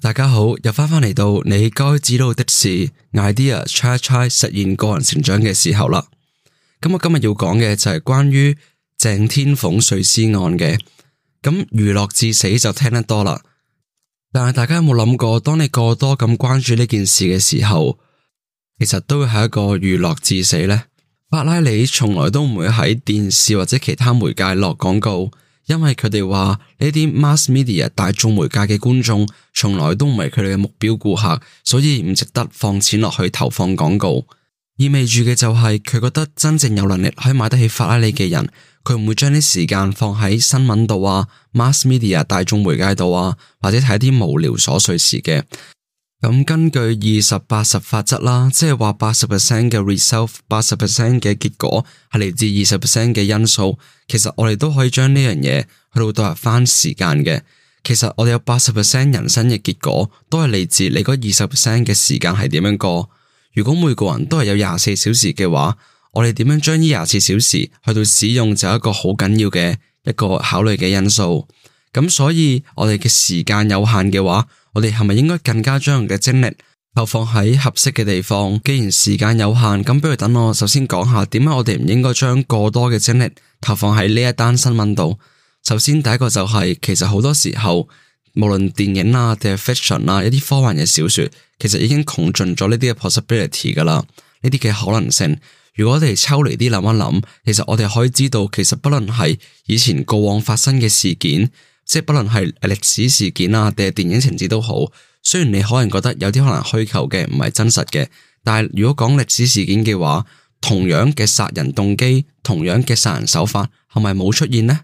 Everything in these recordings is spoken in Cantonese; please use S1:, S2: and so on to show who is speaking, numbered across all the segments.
S1: 大家好，又翻返嚟到你該知道的事 idea try 一 try 實現個人成長嘅時候啦。咁我今日要講嘅就係關於蔡天鳳碎屍案嘅。咁娛樂至死就聽得多啦，但係大家有冇諗過，當你過多咁關注呢件事嘅時候，其實都會係一個娛樂至死呢？法拉利從來都唔會喺電視或者其他媒介落廣告。因為佢哋話呢啲 mass media 大眾媒介嘅觀眾從來都唔係佢哋嘅目標顧客，所以唔值得放錢落去投放廣告。意味住嘅就係、是、佢覺得真正有能力可以買得起法拉利嘅人，佢唔會將啲時間放喺新聞度啊，mass media 大眾媒介度啊，或者睇啲無聊瑣碎事嘅。咁根據二十八十法則啦，即係話八十 percent 嘅 result，八十 percent 嘅結果係嚟自二十 percent 嘅因素。其實我哋都可以將呢樣嘢去到代入翻時間嘅。其實我哋有八十 percent 人生嘅結果，都係嚟自你嗰二十 percent 嘅時間係點樣過。如果每個人都係有廿四小時嘅話，我哋點樣將呢廿四小時去到使用，就係一個好緊要嘅一個考慮嘅因素。咁所以我哋嘅時間有限嘅話，我哋係咪應該更加將嘅精力投放喺合適嘅地方？既然時間有限，咁不如等我首先講下點解我哋唔應該將過多嘅精力投放喺呢一單新聞度。首先，第一個就係其實好多時候，無論電影啊定係 fiction 啊，一啲科幻嘅小說，其實已經窮盡咗呢啲嘅 possibility 噶啦，呢啲嘅可能性。如果我哋抽離啲諗一諗，其實我哋可以知道，其實不論係以前過往發生嘅事件。即係不論係歷史事件啊，定係電影情節都好。雖然你可能覺得有啲可能虛構嘅，唔係真實嘅。但係如果講歷史事件嘅話，同樣嘅殺人動機，同樣嘅殺人手法，係咪冇出現呢？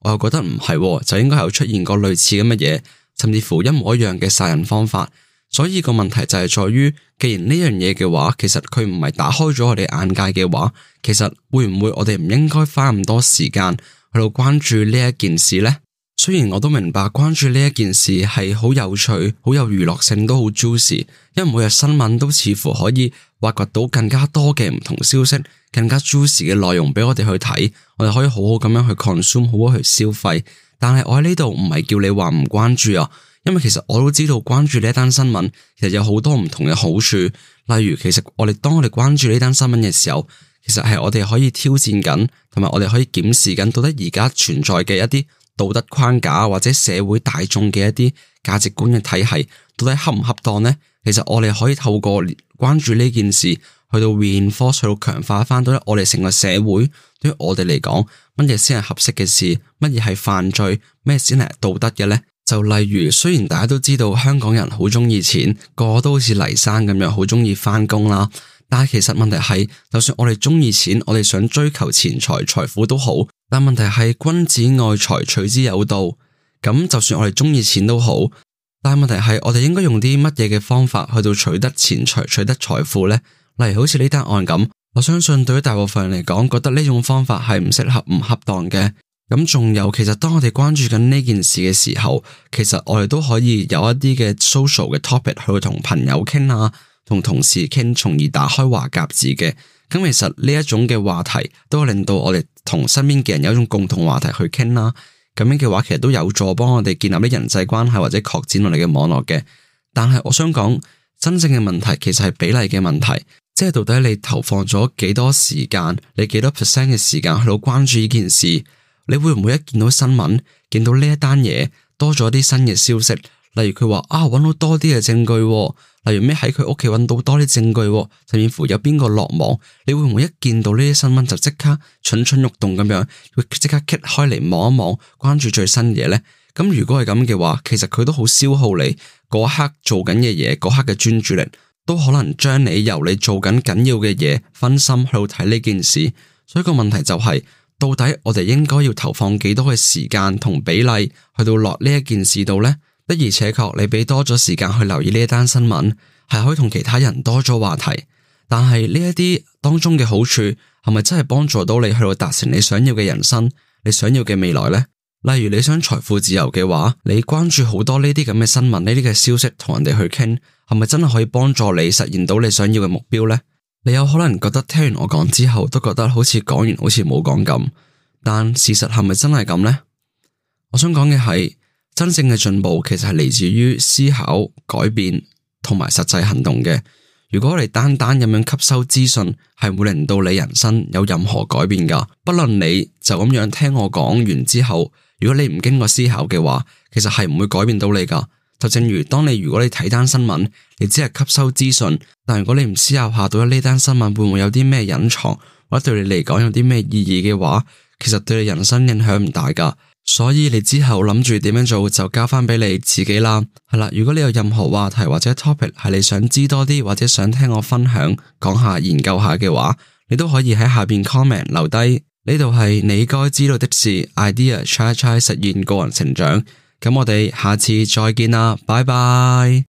S1: 我又覺得唔係喎，就應該係有出現過類似嘅乜嘢，甚至乎一模一樣嘅殺人方法。所以個問題就係在於，既然呢樣嘢嘅話，其實佢唔係打開咗我哋眼界嘅話，其實會唔會我哋唔應該花咁多時間去到關注呢一件事呢？雖然我都明白關注呢一件事係好有趣、好有娛樂性、都好 juicy，因為每日新聞都似乎可以挖掘到更加多嘅唔同消息、更加 juicy 嘅內容畀我哋去睇，我哋可以好好咁樣去 consume、好好去消費。但係我喺呢度唔係叫你話唔關注啊，因為其實我都知道關注呢一單新聞其實有好多唔同嘅好處。例如，其實我哋當我哋關注呢單新聞嘅時候，其實係我哋可以挑戰緊，同埋我哋可以檢視緊到底而家存在嘅一啲。道德框架或者社會大眾嘅一啲價值觀嘅體系，到底恰唔恰當呢？其實我哋可以透過關注呢件事，去到 reinforce，去到強化翻，到底我哋成個社會對於我哋嚟講，乜嘢先係合適嘅事，乜嘢係犯罪，咩先係道德嘅呢？就例如，雖然大家都知道香港人好鍾意錢，個個都好似黎生咁樣，好鍾意翻工啦，但係其實問題係，就算我哋鍾意錢，我哋想追求錢財財富都好。但問題係君子愛財，取之有道。咁就算我哋鍾意錢都好，但問題係我哋應該用啲乜嘢嘅方法去到取得錢財，取取得財富呢？例如好似呢單案咁，我相信對於大部分人嚟講，覺得呢種方法係唔適合、唔恰當嘅。咁仲有，其實當我哋關注緊呢件事嘅時候，其實我哋都可以有一啲嘅 social 嘅 topic 去同朋友傾啊，同同事傾，從而打開話匣子嘅。咁其實呢一種嘅話題都令到我哋。同身邊嘅人有一種共同話題去傾啦，咁樣嘅話其實都有助幫我哋建立啲人際關係或者擴展我哋嘅網絡嘅。但係我想講，真正嘅問題其實係比例嘅問題，即係到底你投放咗幾多時間，你幾多 percent 嘅時間去到關注呢件事，你會唔會一見到新聞，見到呢一單嘢多咗啲新嘅消息？例如佢話啊，揾到多啲嘅證據，例如咩喺佢屋企揾到多啲證據，甚至乎有邊個落網，你會唔會一見到呢啲新聞就即刻蠢蠢欲動咁樣，會即刻揭開嚟望一望，關注最新嘢咧？咁如果係咁嘅話，其實佢都好消耗你嗰刻做緊嘅嘢，嗰刻嘅專注力，都可能將你由你做緊緊要嘅嘢分心去到睇呢件事。所以個問題就係，到底我哋應該要投放幾多嘅時間同比例去到落呢一件事度咧？的而且確，你畀多咗時間去留意呢一單新聞，係可以同其他人多咗話題。但係呢一啲當中嘅好處，係咪真係幫助到你去到達成你想要嘅人生、你想要嘅未來呢？例如你想財富自由嘅話，你關注好多呢啲咁嘅新聞、呢啲嘅消息，同人哋去傾，係咪真係可以幫助你實現到你想要嘅目標呢？你有可能覺得聽完我講之後，都覺得好似講完好似冇講咁。但事實係咪真係咁呢？我想講嘅係。真正嘅進步其實係嚟自於思考、改變同埋實際行動嘅。如果你單單咁樣吸收資訊，係唔會令到你人生有任何改變噶。不論你就咁樣聽我講完之後，如果你唔經過思考嘅話，其實係唔會改變到你噶。就正如當你如果你睇單新聞，你只係吸收資訊，但如果你唔思考下到呢單新聞會唔會有啲咩隱藏，或者對你嚟講有啲咩意義嘅話，其實對你人生影響唔大噶。所以你之後諗住點樣做，就交翻畀你自己啦。係、嗯、啦，如果你有任何話題或者 topic 係你想知多啲，或者想聽我分享講下研究下嘅話，你都可以喺下面 comment 留低。呢度係你該知道的事 idea，try 一 try 實現個人成長。咁我哋下次再見啦，拜拜。